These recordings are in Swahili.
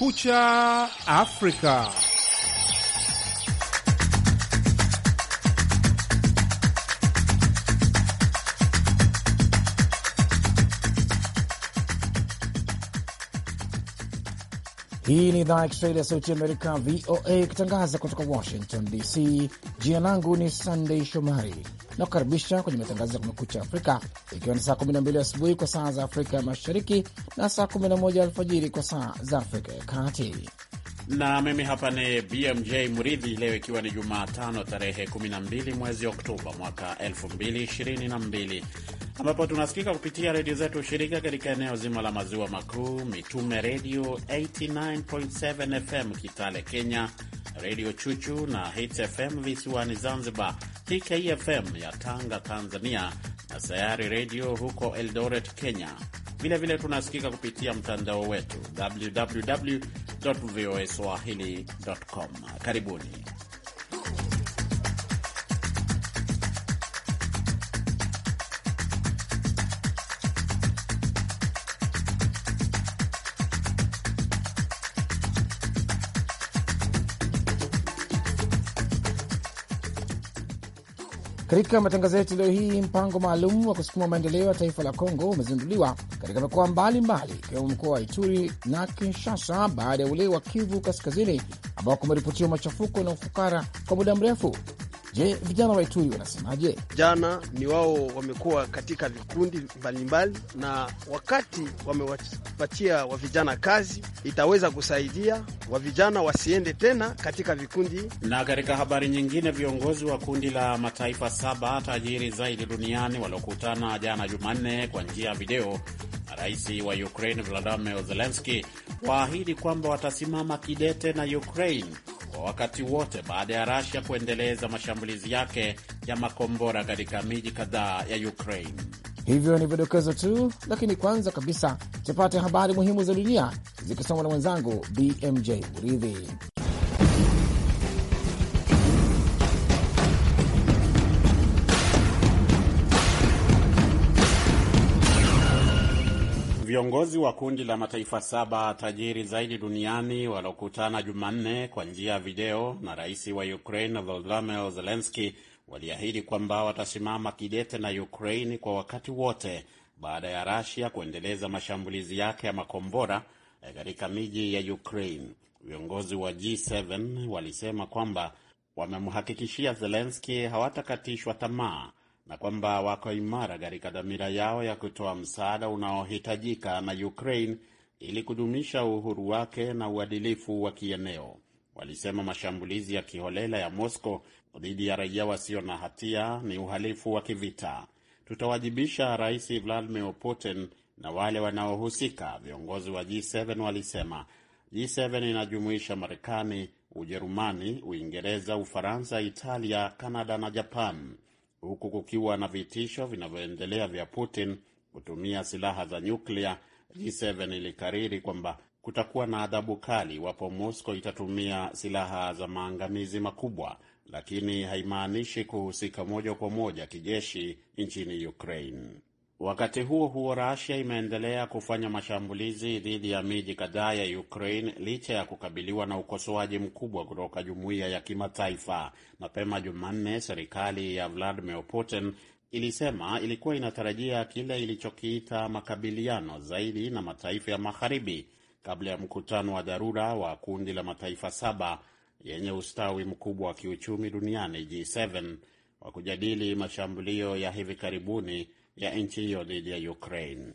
Kumekucha Afrika. Hii ni idhaa ya Kiswahili ya Sauti Amerika, VOA, ikitangaza kutoka Washington DC. Jina langu ni Sandei Shomari na kukaribisha kwenye matangazo ya Kumekucha Afrika, ikiwa ni saa 12 asubuhi kwa saa za Afrika ya Mashariki na saa 11 alfajiri kwa saa za Afrika ya Kati na mimi hapa ni BMJ Mridhi. Leo ikiwa ni Jumatano tarehe 12 mwezi Oktoba mwaka 2022 ambapo tunasikika kupitia redio zetu shirika katika eneo zima la maziwa makuu, Mitume Redio 89.7 FM Kitale Kenya, Redio Chuchu na Hits FM visiwani Zanzibar, TKFM ya Tanga Tanzania, na Sayari Redio huko Eldoret Kenya. Vilevile tunasikika kupitia mtandao wetu www voa swahili.com. Karibuni. Katika matangazo yetu leo hii, mpango maalum wa kusukuma maendeleo ya taifa la Kongo umezinduliwa katika mikoa mbalimbali ikiwemo mkoa wa Ituri na Kinshasa baada ya ule wa Kivu Kaskazini ambao kumeripotiwa machafuko na ufukara kwa muda mrefu Je, vijana wa Ituri wanasemaje? Jana ni wao wamekuwa katika vikundi mbalimbali, na wakati wamewapatia wa vijana kazi, itaweza kusaidia wa vijana wasiende tena katika vikundi. Na katika habari nyingine, viongozi wa kundi la mataifa saba tajiri zaidi duniani waliokutana jana Jumanne kwa njia ya video Rais wa Ukraine vladimir zelenski waahidi kwamba watasimama kidete na Ukraine kwa wakati wote baada ya Russia kuendeleza mashambulizi yake ya makombora katika miji kadhaa ya Ukraine. Hivyo ni vidokezo tu, lakini kwanza kabisa tupate habari muhimu za dunia zikisomwa na mwenzangu BMJ Muridhi. Viongozi wa kundi la mataifa saba tajiri zaidi duniani waliokutana Jumanne kwa njia ya video na rais wa Ukraine Volodymyr Zelensky waliahidi kwamba watasimama kidete na Ukraine kwa wakati wote baada ya Russia kuendeleza mashambulizi yake ya makombora eh, katika miji ya Ukraine. Viongozi wa G7 walisema kwamba wamemhakikishia Zelensky hawatakatishwa tamaa na kwamba wako imara katika dhamira yao ya kutoa msaada unaohitajika na Ukraine ili kudumisha uhuru wake na uadilifu wa kieneo. Walisema mashambulizi ya kiholela ya Moscow dhidi ya raia wasio na hatia ni uhalifu wa kivita. Tutawajibisha Rais Vladimir Putin na wale wanaohusika, viongozi wa G7 walisema. G7 inajumuisha Marekani, Ujerumani, Uingereza, Ufaransa, Italia, Kanada na Japan huku kukiwa na vitisho vinavyoendelea vya Putin kutumia silaha za nyuklia, G7 ilikariri kwamba kutakuwa na adhabu kali iwapo Moscow itatumia silaha za maangamizi makubwa, lakini haimaanishi kuhusika moja kwa moja kijeshi nchini Ukraine. Wakati huo huo, Russia imeendelea kufanya mashambulizi dhidi ya miji kadhaa ya Ukraine licha ya kukabiliwa na ukosoaji mkubwa kutoka jumuiya ya kimataifa. Mapema Jumanne, serikali ya Vladimir Putin ilisema ilikuwa inatarajia kile ilichokiita makabiliano zaidi na mataifa ya magharibi kabla ya mkutano wa dharura wa kundi la mataifa saba yenye ustawi mkubwa wa kiuchumi duniani G7 wa kujadili mashambulio ya hivi karibuni ya nchi hiyo dhidi ya Ukraine.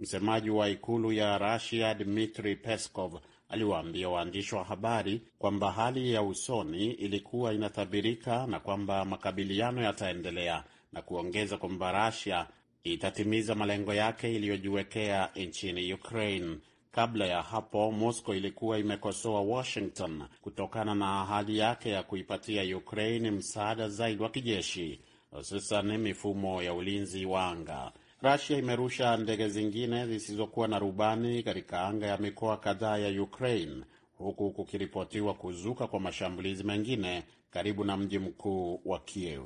Msemaji wa ikulu ya Russia dmitri Peskov aliwaambia waandishi wa habari kwamba hali ya usoni ilikuwa inatabirika na kwamba makabiliano yataendelea na kuongeza kwamba rasia itatimiza malengo yake iliyojiwekea nchini Ukraine. Kabla ya hapo, Moscow ilikuwa imekosoa Washington kutokana na ahadi yake ya kuipatia Ukraine msaada zaidi wa kijeshi hususan mifumo ya ulinzi wa anga. Rasia imerusha ndege zingine zisizokuwa na rubani katika anga ya mikoa kadhaa ya Ukraine, huku kukiripotiwa kuzuka kwa mashambulizi mengine karibu na mji mkuu wa Kiev.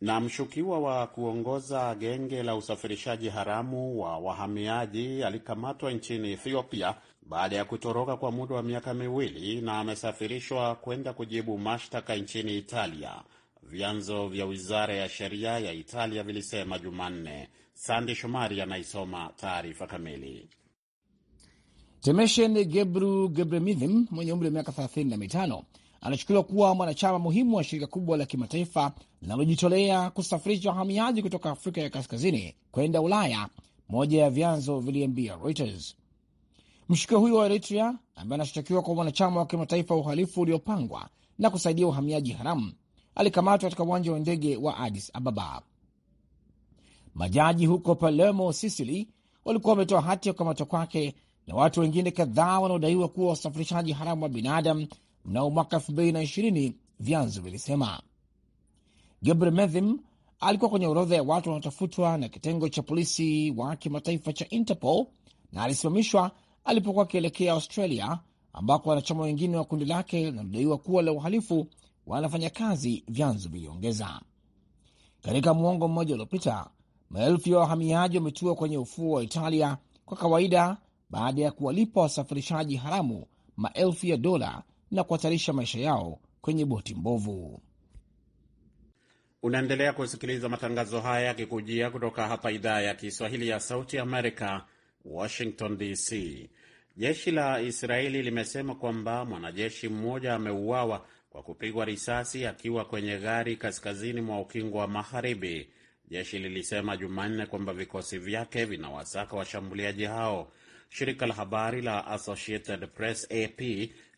Na mshukiwa wa kuongoza genge la usafirishaji haramu wa wahamiaji alikamatwa nchini Ethiopia baada ya kutoroka kwa muda wa miaka miwili na amesafirishwa kwenda kujibu mashtaka nchini Italia vyanzo vya wizara ya sheria ya Italia vilisema Jumanne. Sande Shomari anaisoma taarifa kamili. Temeshen Gebru Gebremithim mwenye umri wa miaka 35 anachukuliwa kuwa mwanachama muhimu wa shirika kubwa la kimataifa linalojitolea kusafirisha wahamiaji kutoka Afrika ya Kaskazini kwenda Ulaya, moja ya vyanzo viliambia Reuters. Mshukiwa huyo wa Eritrea ambaye anashtakiwa kwa mwanachama wa kimataifa wa uhalifu uliopangwa na kusaidia uhamiaji haramu alikamatwa katika uwanja wa ndege wa Addis Ababa. Majaji huko Palermo, Sicily, walikuwa wametoa hati ya kukamatwa kwake na watu wengine kadhaa wanaodaiwa kuwa wasafirishaji haramu wa binadamu mnao mwaka 2020 vyanzo vilisema. Gebre Methim alikuwa kwenye orodha ya watu wanaotafutwa na kitengo cha polisi wa kimataifa cha Interpol na alisimamishwa alipokuwa akielekea Australia, ambako wanachama wengine wa kundi lake linalodaiwa kuwa la uhalifu wanafanya kazi, vyanzo viliongeza. Katika mwongo mmoja uliopita, maelfu ya wahamiaji wametua kwenye ufuo wa Italia kwa kawaida, baada ya kuwalipa wasafirishaji haramu maelfu ya dola na kuhatarisha maisha yao kwenye boti mbovu. Unaendelea kusikiliza matangazo haya yakikujia kutoka hapa idhaa ya Kiswahili ya Sauti Amerika, Washington DC. Jeshi la Israeli limesema kwamba mwanajeshi mmoja ameuawa kwa kupigwa risasi akiwa kwenye gari kaskazini mwa ukingo wa Magharibi. Jeshi lilisema Jumanne kwamba vikosi vyake vinawasaka washambuliaji hao. Shirika la habari la Associated Press AP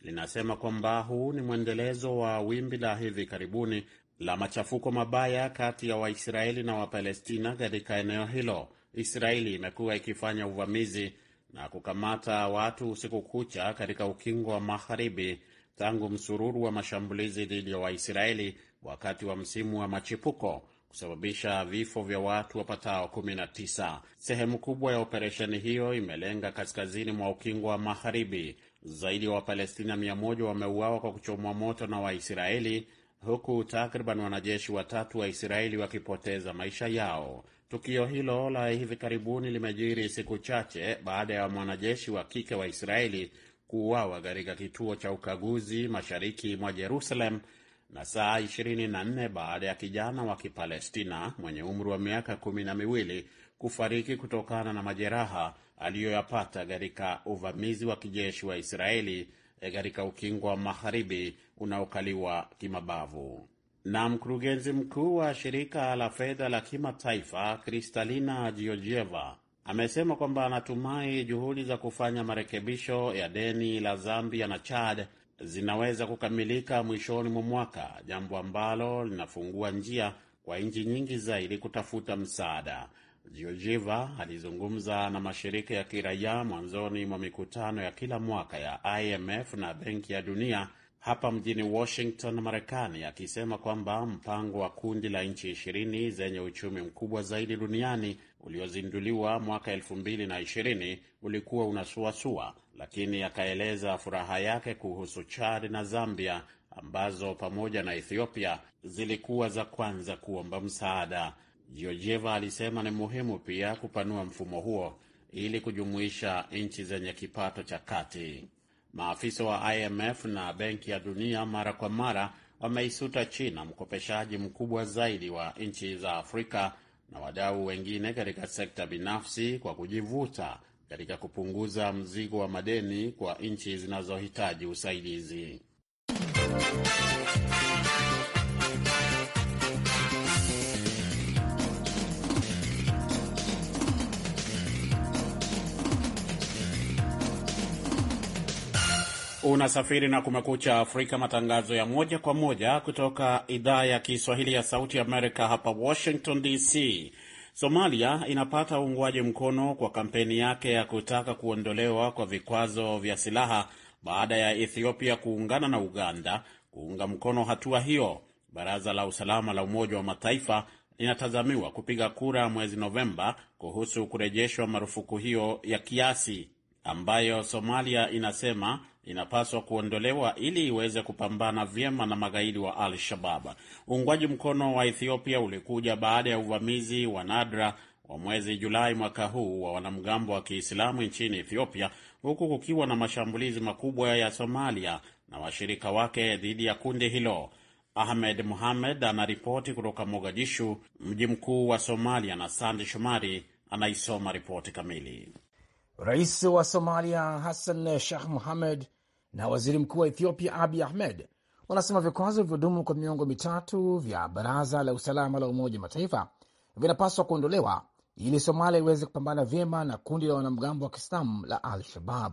linasema kwamba huu ni mwendelezo wa wimbi la hivi karibuni la machafuko mabaya kati ya Waisraeli na Wapalestina katika eneo hilo. Israeli imekuwa ikifanya uvamizi na kukamata watu usiku kucha katika ukingo wa Magharibi tangu msururu wa mashambulizi dhidi ya Waisraeli wakati wa msimu wa machipuko kusababisha vifo vya watu wapatao 19. Sehemu kubwa ya operesheni hiyo imelenga kaskazini mwa ukingo wa Magharibi. Zaidi ya wa Wapalestina 100 wameuawa kwa kuchomwa moto na Waisraeli, huku takriban wanajeshi watatu wa Israeli wakipoteza maisha yao. Tukio hilo la hivi karibuni limejiri siku chache baada ya mwanajeshi wa kike wa Israeli kuuawa katika kituo cha ukaguzi mashariki mwa Jerusalem na saa 24 baada ya kijana wa Kipalestina mwenye umri wa miaka kumi na miwili kufariki kutokana na majeraha aliyoyapata katika uvamizi wa kijeshi wa Israeli eh, katika ukingo wa magharibi unaokaliwa kimabavu. Na mkurugenzi mkuu wa shirika la fedha la kimataifa Kristalina Georgieva amesema kwamba anatumai juhudi za kufanya marekebisho ya deni la Zambia na Chad zinaweza kukamilika mwishoni mwa mwaka, jambo ambalo linafungua njia kwa nchi nyingi zaidi kutafuta msaada. Georgieva alizungumza na mashirika ya kiraia mwanzoni mwa mikutano ya kila mwaka ya IMF na Benki ya Dunia hapa mjini Washington, Marekani, akisema kwamba mpango wa kundi la nchi ishirini zenye uchumi mkubwa zaidi duniani uliozinduliwa mwaka elfu mbili na ishirini ulikuwa unasuasua, lakini akaeleza furaha yake kuhusu Chad na Zambia ambazo pamoja na Ethiopia zilikuwa za kwanza kuomba msaada. Georgieva alisema ni muhimu pia kupanua mfumo huo ili kujumuisha nchi zenye kipato cha kati. Maafisa wa IMF na Benki ya Dunia mara kwa mara wameisuta China, mkopeshaji mkubwa zaidi wa nchi za Afrika na wadau wengine katika sekta binafsi, kwa kujivuta katika kupunguza mzigo wa madeni kwa nchi zinazohitaji usaidizi. Unasafiri na Kumekucha Afrika, matangazo ya moja kwa moja kutoka idhaa ya Kiswahili ya Sauti Amerika, hapa Washington DC. Somalia inapata uungwaji mkono kwa kampeni yake ya kutaka kuondolewa kwa vikwazo vya silaha baada ya Ethiopia kuungana na Uganda kuunga mkono hatua hiyo. Baraza la Usalama la Umoja wa Mataifa linatazamiwa kupiga kura mwezi Novemba kuhusu kurejeshwa marufuku hiyo ya kiasi ambayo Somalia inasema inapaswa kuondolewa ili iweze kupambana vyema na magaidi wa Al Shabab. Uungwaji mkono wa Ethiopia ulikuja baada ya uvamizi wa nadra wa mwezi Julai mwaka huu wa wanamgambo wa Kiislamu nchini Ethiopia, huku kukiwa na mashambulizi makubwa ya Somalia na washirika wake dhidi ya kundi hilo. Ahmed Muhamed anaripoti kutoka Mogadishu, mji mkuu wa Somalia, na Sandi Shomari anaisoma ripoti kamili. Rais wa Somalia Hassan Sheikh Mohamed na waziri mkuu wa Ethiopia Abiy Ahmed wanasema vikwazo vilivyodumu kwa miongo mitatu vya Baraza la Usalama la Umoja wa Mataifa vinapaswa kuondolewa ili Somalia iweze kupambana vyema na kundi la wanamgambo wa Kiislamu la Al-Shabab.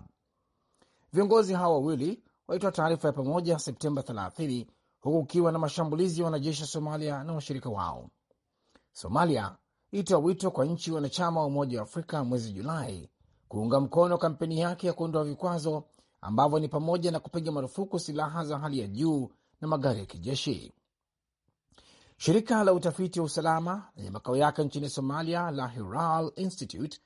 Viongozi hawa wawili walitoa taarifa ya pamoja Septemba 30 huku kukiwa na mashambulizi ya wanajeshi wa Somalia na washirika wao. Somalia ilitoa wito kwa nchi wanachama wa Umoja wa Afrika mwezi Julai kuunga mkono kampeni yake ya kuondoa vikwazo ambavyo ni pamoja na kupiga marufuku silaha za hali ya juu na magari ya kijeshi. Shirika la utafiti wa usalama lenye makao yake nchini Somalia la Hiral Institute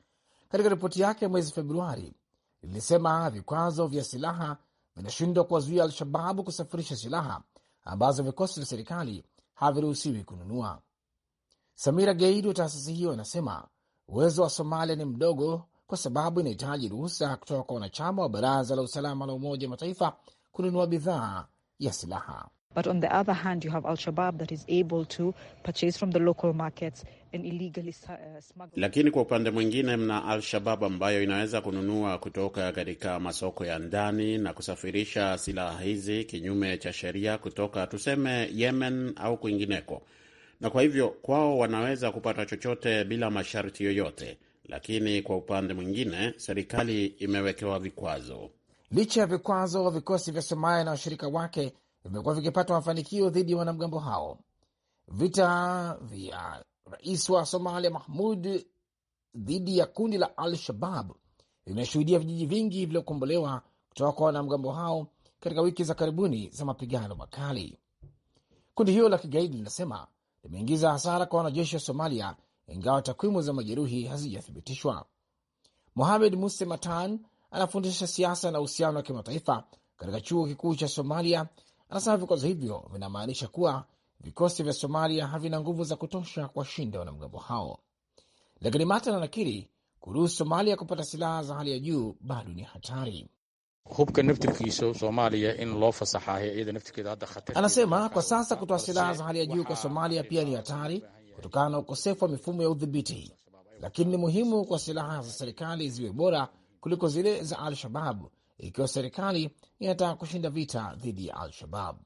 katika ripoti yake mwezi Februari lilisema vikwazo vya silaha vinashindwa kuwazuia Al-Shababu kusafirisha silaha ambazo vikosi vya serikali haviruhusiwi kununua. Samira Geid wa taasisi hiyo anasema uwezo wa Somalia ni mdogo kwa sababu inahitaji ruhusa kutoka kwa wanachama wa Baraza la Usalama la Umoja wa Mataifa kununua bidhaa ya silaha. But on the other hand, you have Al-Shabaab that is able to purchase from the local markets and illegally uh, smuggle. Lakini kwa upande mwingine mna Al-Shabaab ambayo inaweza kununua kutoka katika masoko ya ndani na kusafirisha silaha hizi kinyume cha sheria kutoka tuseme Yemen au kwingineko. Na kwa hivyo kwao wanaweza kupata chochote bila masharti yoyote lakini kwa upande mwingine serikali imewekewa vikwazo. Licha ya vikwazo, vikosi vya Somalia na washirika wake vimekuwa vikipata mafanikio dhidi ya wanamgambo hao. Vita vya rais wa Somalia Mahmud dhidi ya kundi la Al-Shabab vimeshuhudia vijiji vingi vilivyokombolewa kutoka kwa wanamgambo hao katika wiki za karibuni za mapigano makali. Kundi hilo la kigaidi linasema limeingiza hasara kwa wanajeshi wa Somalia ingawa takwimu za majeruhi hazijathibitishwa. Mohamed Muse Matan anafundisha siasa na uhusiano wa kimataifa katika chuo kikuu cha Somalia. Anasema vikwazo hivyo vinamaanisha kuwa vikosi vya Somalia havina nguvu za kutosha kuwashinda wanamgambo hao, lakini Matan anakiri kuruhusu Somalia kupata silaha za hali ya juu bado ni hatari. Hubka Somalia in loo iyada naftirkeeda hadda khatar. Anasema kwa sasa kutoa silaha za hali ya juu kwa Somalia pia ni hatari, kutokana na ukosefu wa mifumo ya udhibiti, lakini ni muhimu kwa silaha za serikali ziwe bora kuliko zile za Al-Shabab ikiwa serikali inataka kushinda vita dhidi ya Al-Shabab.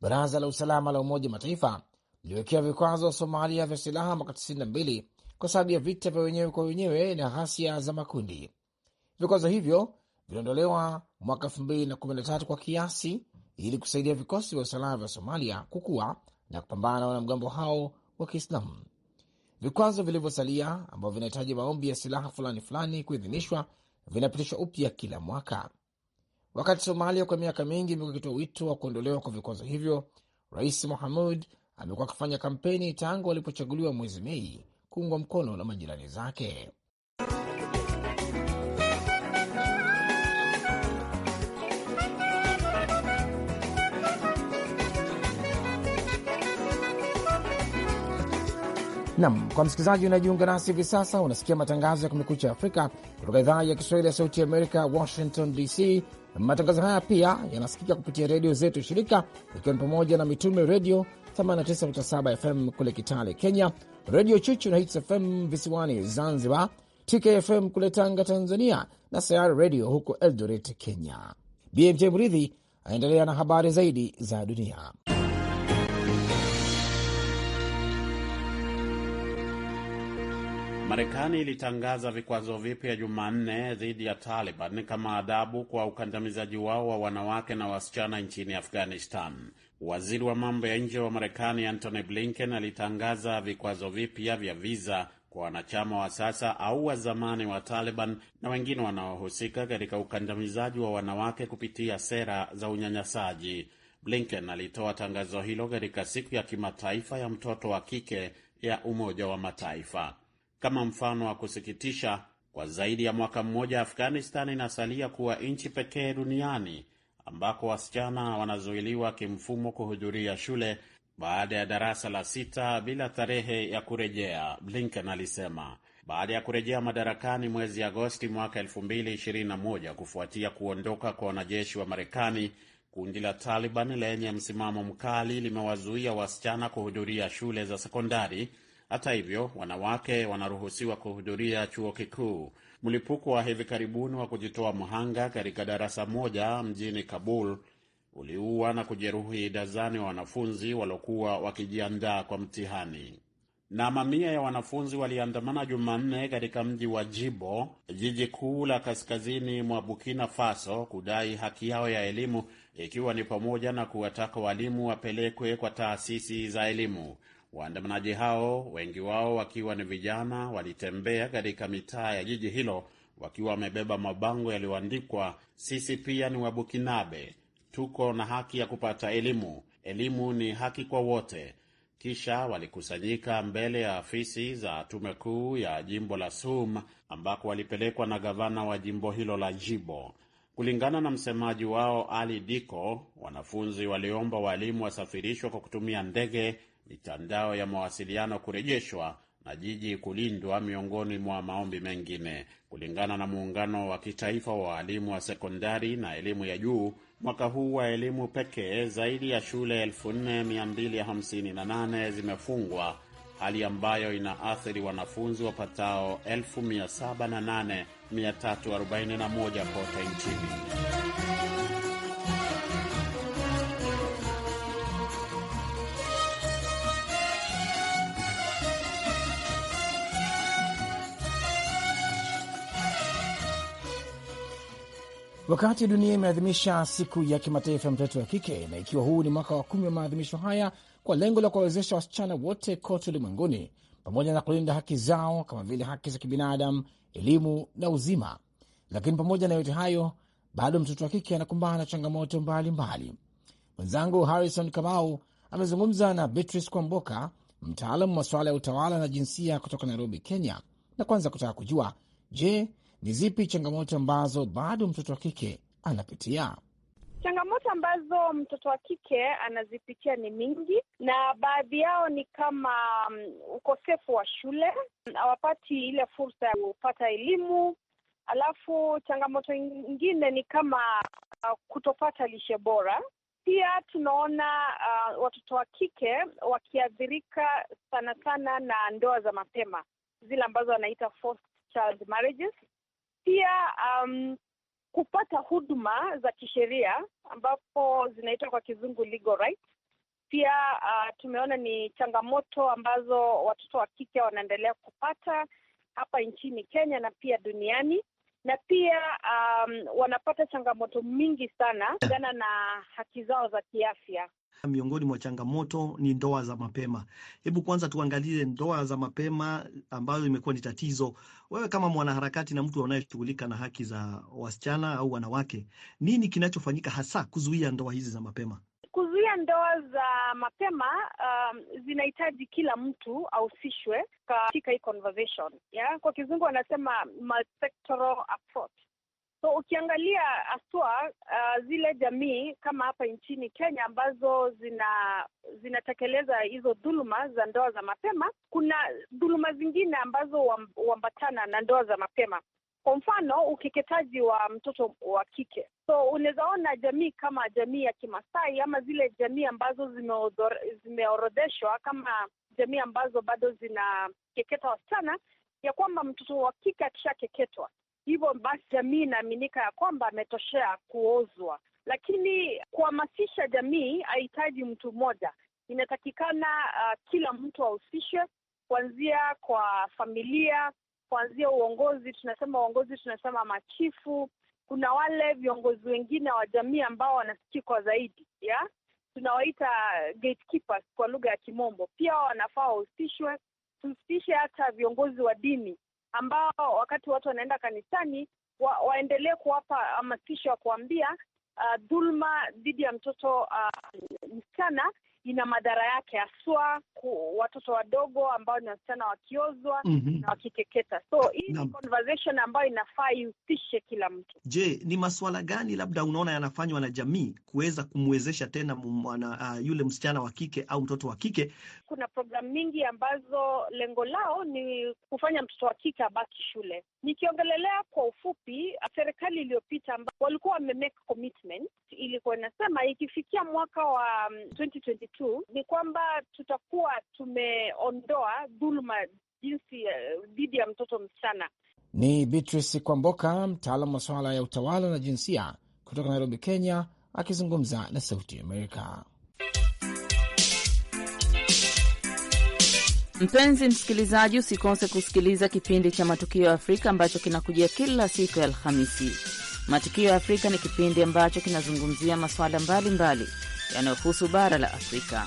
Baraza la Usalama la Umoja Mataifa liliwekea vikwazo Somalia vya silaha mwaka 92 kwa sababu ya vita vya wenyewe kwa wenyewe na ghasia za makundi. Vikwazo hivyo viliondolewa mwaka 2013 kwa kiasi, ili kusaidia vikosi vya usalama vya Somalia kukua na kupambana na wanamgambo hao wa Kiislamu. Vikwazo vilivyosalia ambavyo vinahitaji maombi ya silaha fulani fulani kuidhinishwa vinapitishwa upya kila mwaka. Wakati Somalia kwa miaka mingi imekuwa ikitoa wito wa kuondolewa kwa vikwazo hivyo, Rais Mohamud amekuwa akifanya kampeni tangu alipochaguliwa mwezi Mei kuungwa mkono na majirani zake. Nam kwa msikilizaji unajiunga nasi hivi sasa, unasikia matangazo ya Kumekucha Afrika kutoka idhaa ya Kiswahili ya Sauti Amerika, Washington DC. Matangazo haya pia yanasikika kupitia redio zetu shirika, ikiwa ni pamoja na Mitume Redio 89.7 FM kule Kitale, Kenya, Redio Chuchu na Hits FM visiwani Zanzibar, TKFM kule Tanga, Tanzania, na Sayari Redio huko Eldoret, Kenya. BMJ Mridhi anaendelea na habari zaidi za dunia. Marekani ilitangaza vikwazo vipya Jumanne dhidi ya Taliban kama adhabu kwa ukandamizaji wao wa wanawake na wasichana nchini Afghanistan. Waziri wa mambo ya nje wa Marekani Antony Blinken alitangaza vikwazo vipya vya viza kwa wanachama wa sasa au wa zamani wa Taliban na wengine wanaohusika katika ukandamizaji wa wanawake kupitia sera za unyanyasaji. Blinken alitoa tangazo hilo katika siku ya kimataifa ya mtoto wa kike ya Umoja wa Mataifa kama mfano wa kusikitisha. Kwa zaidi ya mwaka mmoja, Afghanistan inasalia kuwa nchi pekee duniani ambako wasichana wanazuiliwa kimfumo kuhudhuria shule baada ya darasa la sita bila tarehe ya kurejea, Blinken alisema baada ya kurejea madarakani mwezi Agosti mwaka 2021 kufuatia kuondoka kwa wanajeshi wa Marekani. Kundi la Taliban lenye msimamo mkali limewazuia wasichana kuhudhuria shule za sekondari hata hivyo, wanawake wanaruhusiwa kuhudhuria chuo kikuu. Mlipuko wa hivi karibuni wa kujitoa mhanga katika darasa moja mjini Kabul uliua na kujeruhi dazani wa wanafunzi waliokuwa wakijiandaa kwa mtihani na mamia ya wanafunzi waliandamana Jumanne katika mji wa Jibo, jiji kuu la kaskazini mwa Burkina Faso, kudai haki yao ya elimu, ikiwa ni pamoja na kuwataka walimu wapelekwe kwa taasisi za elimu. Waandamanaji hao, wengi wao wakiwa ni vijana, walitembea katika mitaa ya jiji hilo wakiwa wamebeba mabango yaliyoandikwa, sisi pia ni Wabukinabe, tuko na haki ya kupata elimu, elimu ni haki kwa wote. Kisha walikusanyika mbele ya afisi za tume kuu ya jimbo la Sum ambako walipelekwa na gavana wa jimbo hilo la Jibo. Kulingana na msemaji wao Ali Diko, wanafunzi waliomba walimu wasafirishwa kwa kutumia ndege mitandao ya mawasiliano kurejeshwa na jiji kulindwa miongoni mwa maombi mengine. Kulingana na muungano wa kitaifa wa walimu wa sekondari na elimu ya juu, mwaka huu wa elimu pekee zaidi ya shule 4258 zimefungwa, hali ambayo inaathiri wanafunzi wapatao 708,341 kote nchini. Wakati dunia imeadhimisha siku ya kimataifa ya mtoto wa kike, na ikiwa huu ni mwaka wa kumi wa maadhimisho haya kwa lengo la kuwawezesha wasichana wote kote ulimwenguni, pamoja na kulinda haki zao kama vile haki za kibinadamu, elimu na uzima. Lakini pamoja na yote hayo, bado mtoto wa kike anakumbana na changamoto mbalimbali. Mwenzangu Harrison Kamau amezungumza na Beatrice Kwamboka, mtaalamu wa masuala ya utawala na jinsia kutoka Nairobi, Kenya, na kwanza kutaka kujua je, ni zipi changamoto ambazo bado mtoto wa kike anapitia? Changamoto ambazo mtoto wa kike anazipitia ni mingi, na baadhi yao ni kama mm, ukosefu wa shule, hawapati ile fursa ya kupata elimu. Alafu changamoto ingine ni kama uh, kutopata lishe bora. Pia tunaona uh, watoto wa kike wakiathirika sana sana na ndoa za mapema, zile ambazo wanaita forced child marriages um, kupata huduma za kisheria ambapo zinaitwa kwa kizungu legal rights. Pia uh, tumeona ni changamoto ambazo watoto wa kike wanaendelea kupata hapa nchini Kenya na pia duniani, na pia um, wanapata changamoto mingi sana kulingana na haki zao za kiafya. Miongoni mwa changamoto ni ndoa za mapema. Hebu kwanza tuangalie ndoa za mapema ambayo imekuwa ni tatizo. Wewe kama mwanaharakati na mtu anayeshughulika na haki za wasichana au wanawake, nini kinachofanyika hasa kuzuia ndoa hizi za mapema? Kuzuia ndoa za mapema um, zinahitaji kila mtu ahusishwe katika hii conversation yeah? Kwa kizungu wanasema approach So ukiangalia haswa uh, zile jamii kama hapa nchini Kenya ambazo zina zinatekeleza hizo dhuluma za ndoa za mapema, kuna dhuluma zingine ambazo huambatana na ndoa za mapema. Kwa mfano ukeketaji wa mtoto wa kike. So unawezaona jamii kama jamii ya Kimasai ama zile jamii ambazo zimeorodheshwa kama jamii ambazo bado zinakeketa wasichana, ya kwamba mtoto wa kike akishakeketwa Hivyo basi jamii inaaminika ya kwamba ametoshea kuozwa, lakini kuhamasisha jamii hahitaji mtu mmoja, inatakikana uh, kila mtu ahusishwe, kuanzia kwa familia, kuanzia uongozi. Tunasema uongozi, tunasema machifu. Kuna wale viongozi wengine wa jamii ambao wanasikikwa zaidi ya tunawaita gatekeepers kwa lugha ya Kimombo, pia wanafaa wahusishwe. Tuhusishe hata viongozi wa dini ambao wakati watu wanaenda kanisani wa, waendelee kuwapa hamasisho ya kuambia uh, dhulma dhidi ya mtoto uh, msichana ina madhara yake haswa ku, watoto wadogo ambao ni wasichana wakiozwa mm -hmm. na wakiteketa. So hii ni conversation ambayo inafaa ihusishe kila mtu. Je, ni masuala gani labda unaona yanafanywa na jamii kuweza kumwezesha tena mwana, uh, yule msichana wa kike au mtoto wa kike? Kuna programu mingi ambazo lengo lao ni kufanya mtoto wa kike abaki shule. Nikiongelelea kwa ufupi, serikali iliyopita ambao walikuwa wame commitment, ilikuwa inasema ikifikia mwaka wa 2022 mm, ni kwamba tutakuwa tumeondoa dhuluma jinsi eh, dhidi ya mtoto msichana. Ni Beatrice Kwamboka, mtaalamu swala ya utawala na jinsia kutoka Nairobi, Kenya, akizungumza na Sauti ya Amerika. Mpenzi msikilizaji, usikose kusikiliza kipindi cha Matukio ya Afrika ambacho kinakujia kila siku ya Alhamisi. Matukio ya Afrika ni kipindi ambacho kinazungumzia masuala mbalimbali yanayohusu bara la Afrika.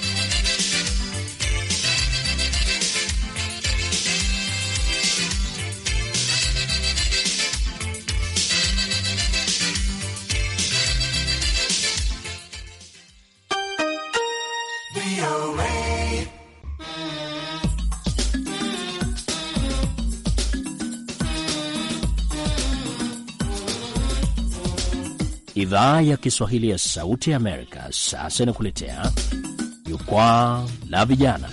Idhaa ya Kiswahili ya Sauti ya Amerika sasa inakuletea jukwaa la vijana.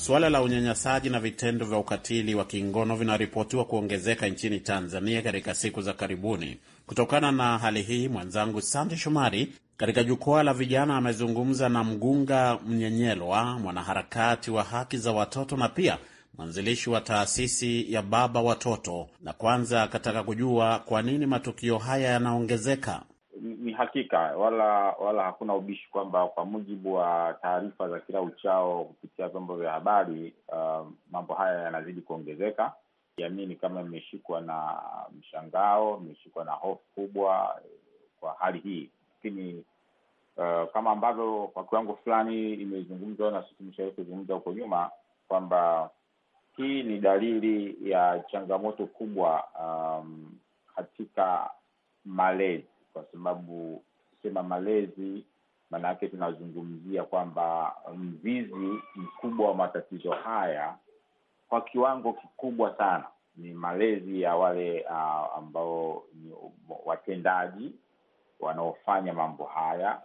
Suala la unyanyasaji na vitendo vya ukatili wa kingono vinaripotiwa kuongezeka nchini Tanzania katika siku za karibuni. Kutokana na hali hii, mwenzangu Sande Shomari katika jukwaa la vijana amezungumza na Mgunga Mnyenyelwa, mwanaharakati wa haki za watoto na pia mwanzilishi wa taasisi ya Baba Watoto, na kwanza akataka kujua kwa nini matukio haya yanaongezeka. Ni hakika wala wala hakuna ubishi kwamba kwa mujibu wa taarifa za kila uchao kupitia vyombo vya habari, uh, mambo haya yanazidi kuongezeka. Jamii ni kama imeshikwa na mshangao, imeshikwa na hofu kubwa kwa hali hii, lakini uh, kama ambavyo kwa kiwango fulani imezungumzwa na sisi kuzungumza huko nyuma kwamba hii ni dalili ya changamoto kubwa um, katika malezi, kwa sababu kusema malezi maana yake tunazungumzia kwamba mzizi mkubwa wa matatizo haya kwa kiwango kikubwa sana ni malezi ya wale uh, ambao ni watendaji wanaofanya mambo haya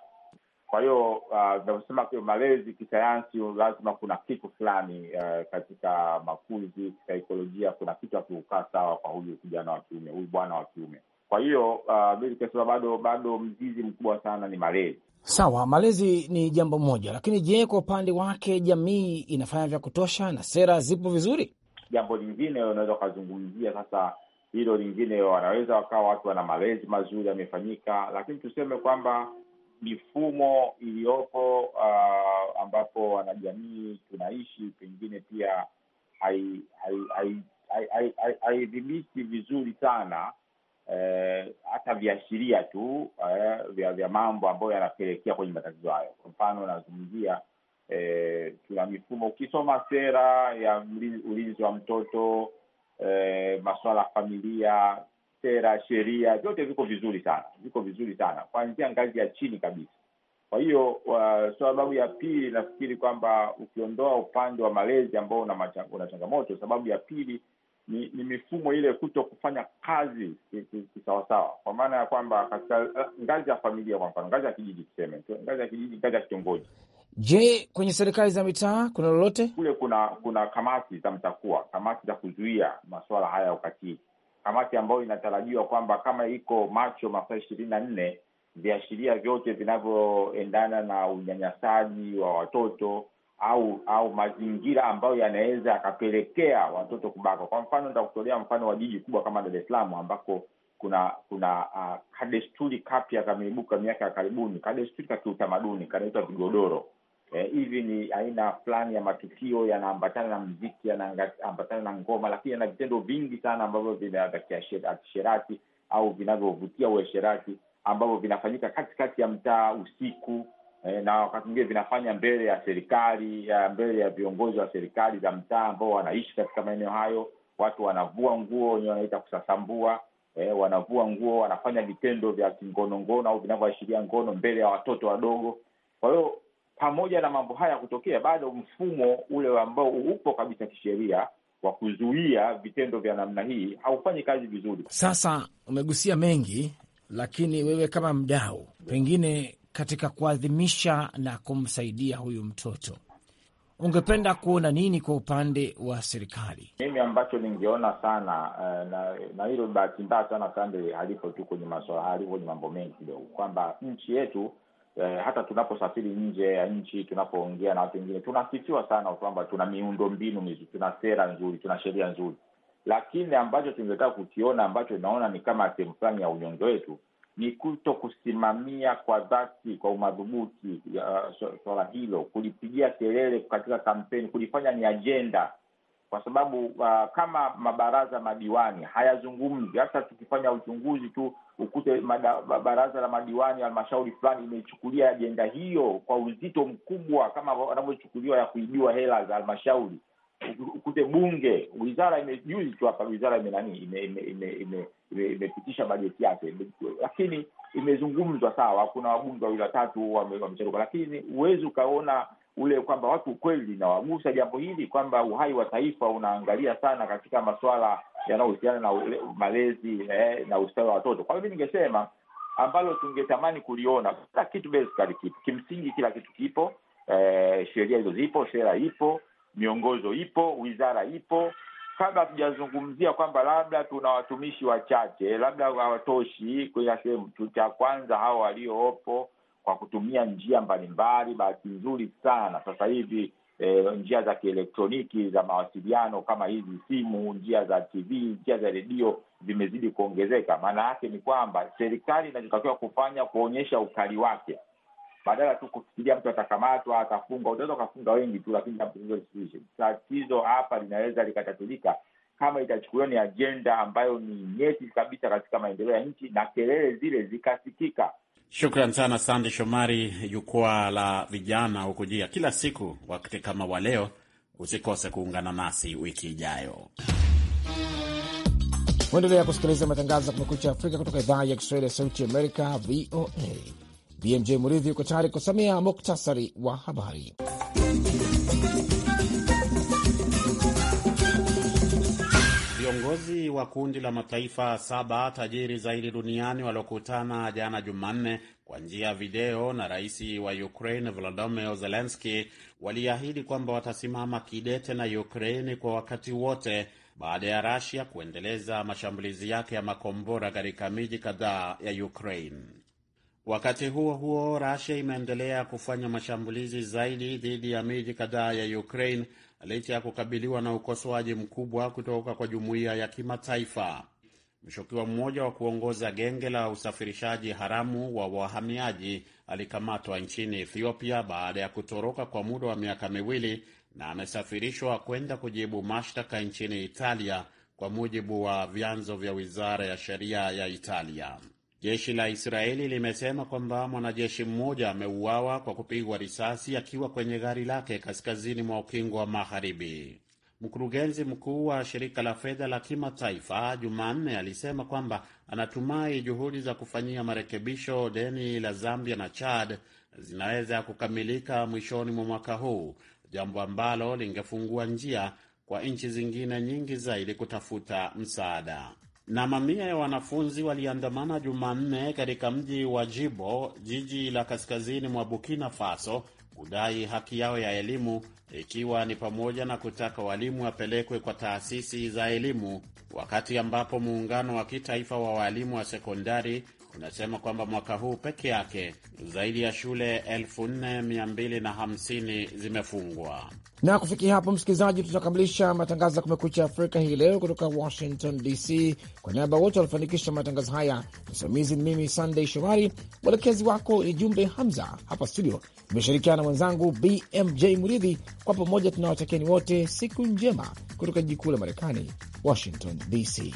kwa hiyo uh, tunavyosema uh, malezi kisayansi, lazima kuna kitu fulani uh, katika makuzi, saikolojia, kuna kitu akiukaa sawa kwa huyu kijana wa kiume, huyu bwana wa kiume. Kwa hiyo uh, bado bado mzizi mkubwa sana ni malezi. Sawa, malezi ni jambo moja, lakini je, kwa upande wake jamii inafanya vya kutosha na sera zipo vizuri? Jambo lingine unaweza ukazungumzia sasa hilo lingine, wanaweza wakawa watu wana malezi mazuri yamefanyika, lakini tuseme kwamba mifumo iliyopo uh, ambapo wanajamii tunaishi pengine pia haidhibiti vizuri sana eh, hata viashiria tu eh, vya, vya mambo ambayo yanapelekea kwenye matatizo hayo. Kwa mfano nazungumzia eh, tuna mifumo, ukisoma sera ya ulinzi wa mtoto eh, masuala ya familia sera, sheria, vyote viko vizuri sana, viko vizuri sana kuanzia ngazi ya chini kabisa. Kwa hiyo sababu ya pili nafikiri kwamba ukiondoa upande wa malezi ambao una, una changamoto, sababu ya pili ni, ni mifumo ile kuto kufanya kazi kisawasawa, kwa maana ya kwamba katika eh, ngazi ya familia, kwa mfano ngazi ya kijiji, tuseme ngazi ya kijiji, ngazi ya kitongoji. Je, kwenye serikali za mitaa kuna lolote kule? Kuna kuna kamati za mtakuwa, kamati za kuzuia masuala haya ya ukatili kamati ambayo inatarajiwa kwamba kama iko macho masaa ishirini na nne viashiria vyote vinavyoendana na unyanyasaji wa watoto au au mazingira ambayo yanaweza yakapelekea watoto kubakwa. Kwa mfano, nitakutolea mfano wa jiji kubwa kama Dar es Salaam ambako kuna kuna uh, kadesturi kapya kameibuka miaka ya karibuni, kadesturi ka kiutamaduni kanaitwa vigodoro Eh, hivi eh, ni aina fulani ya matukio yanaambatana na mziki, yanaambatana na ngoma, lakini yana vitendo vingi sana ambavyo vina kiasherati au vinavyovutia uasherati ambavyo vinafanyika katikati ya mtaa usiku eh, na wakati mwingine vinafanya mbele ya serikali ya mbele ya viongozi wa serikali za mtaa ambao wanaishi katika maeneo hayo. Watu wanavua nguo, wenyewe wanaita kusasambua eh, wanavua nguo, wanafanya vitendo vya kingonongono au vinavyoashiria ngono mbele ya watoto wadogo. Kwa hiyo pamoja na mambo haya kutokea, bado mfumo ule ambao upo kabisa kisheria wa kuzuia vitendo vya namna hii haufanyi kazi vizuri. Sasa umegusia mengi, lakini wewe kama mdau, pengine katika kuadhimisha na kumsaidia huyu mtoto ungependa kuona nini kwa upande wa serikali? Mimi ambacho ningeona sana eh, na, na hilo bahati mbaya sana sande halipo tu kwenye maswala halipo kwenye mambo mengi kidogo, kwamba nchi yetu eh, hata tunaposafiri nje ya nchi, tunapoongea na watu wengine, tunasifiwa sana kwamba tuna miundo mbinu mizuri, tuna sera nzuri, tuna sheria nzuri, lakini ambacho tungetaka kukiona, ambacho inaona ni kama sehemu fulani ya unyonge wetu ni kuto kusimamia kwa dhati, kwa umadhubuti uh, swala so, hilo, kulipigia kelele katika kampeni, kulifanya ni ajenda kwa sababu uh, kama mabaraza madiwani hayazungumzi, hata tukifanya uchunguzi tu ukute mada, baraza la madiwani halmashauri fulani imechukulia ajenda hiyo kwa uzito mkubwa kama wanavyochukuliwa ya kuibiwa hela za halmashauri. Ukute bunge, wizara imejuzi tu hapa, wizara imenani imepitisha ime, bajeti yake lakini imezungumzwa sawa, kuna wabunge wawili watatu wamecharuka, lakini huwezi ukaona ule kwamba watu kweli nawagusa jambo hili kwamba uhai wa taifa unaangalia sana katika masuala yanayohusiana na ule, malezi eh, na ustawi wa watoto. Kwa hivyo ningesema ambalo tungetamani kuliona kila kitu basically kipo kimsingi, kila kitu kipo eh, sheria hizo zipo, sera ipo, miongozo ipo, wizara ipo. Kabla hatujazungumzia kwamba labda tuna watumishi wachache, labda hawatoshi, kwenye sehemu tu cha kwanza hao waliopo kwa kutumia njia mbalimbali. Bahati nzuri sana sasa hivi e, njia za kielektroniki za mawasiliano kama hizi simu, njia za TV, njia za redio zimezidi kuongezeka. Maana yake ni kwamba serikali inachotakiwa kufanya kuonyesha ukali wake, badala tu kufikiria mtu atakamatwa, atafungwa. Unaweza ukafunga wengi tu, lakini tatizo hapa linaweza likatatulika kama itachukuliwa ni ajenda ambayo ni nyeti kabisa katika maendeleo ya nchi na kelele zile zikasikika. Shukran sana Sande Shomari. Jukwaa la vijana hukujia kila siku wakati kama wa leo. Usikose kuungana nasi wiki ijayo. Uendelea kusikiliza matangazo ya Kumekucha Afrika kutoka idhaa ya Kiswahili ya Sauti Amerika, VOA. BMJ Muridhi uko tayari kusomea muktasari wa habari. Viongozi wa kundi la mataifa saba tajiri zaidi duniani waliokutana jana Jumanne kwa njia ya video na rais wa Ukraine Volodymyr Zelensky waliahidi kwamba watasimama kidete na Ukraine kwa wakati wote baada ya Russia kuendeleza mashambulizi yake ya makombora katika miji kadhaa ya Ukraine. Wakati huo huo, Russia imeendelea kufanya mashambulizi zaidi dhidi ya miji kadhaa ya Ukraine licha ya kukabiliwa na ukosoaji mkubwa kutoka kwa jumuiya ya kimataifa. Mshukiwa mmoja wa kuongoza genge la usafirishaji haramu wa wahamiaji alikamatwa nchini Ethiopia baada ya kutoroka kwa muda wa miaka miwili na amesafirishwa kwenda kujibu mashtaka nchini Italia, kwa mujibu wa vyanzo vya wizara ya sheria ya Italia. Jeshi la Israeli limesema kwamba mwanajeshi mmoja ameuawa kwa kupigwa risasi akiwa kwenye gari lake kaskazini mwa ukingo wa Magharibi. Mkurugenzi mkuu wa shirika la fedha la kimataifa Jumanne alisema kwamba anatumai juhudi za kufanyia marekebisho deni la Zambia na Chad zinaweza kukamilika mwishoni mwa mwaka huu, jambo ambalo lingefungua njia kwa nchi zingine nyingi zaidi kutafuta msaada. Na mamia ya wanafunzi waliandamana Jumanne katika mji wa Jibo, jiji la kaskazini mwa Burkina Faso, kudai haki yao ya elimu, ikiwa ni pamoja na kutaka walimu wapelekwe kwa taasisi za elimu, wakati ambapo muungano wa kitaifa wa walimu wa sekondari unasema kwamba mwaka huu peke yake zaidi ya shule 4250 zimefungwa. Na kufikia hapo, msikilizaji, tunakamilisha matangazo ya Kumekucha Afrika hii leo kutoka Washington DC. Kwa niaba wote walifanikisha matangazo haya, msimamizi ni mimi sandey Shomari, mwelekezi wako ni Jumbe Hamza. Hapa studio imeshirikiana na mwenzangu BMJ Muridhi. Kwa pamoja tunawatakieni wote siku njema kutoka jiji kuu la Marekani, Washington DC.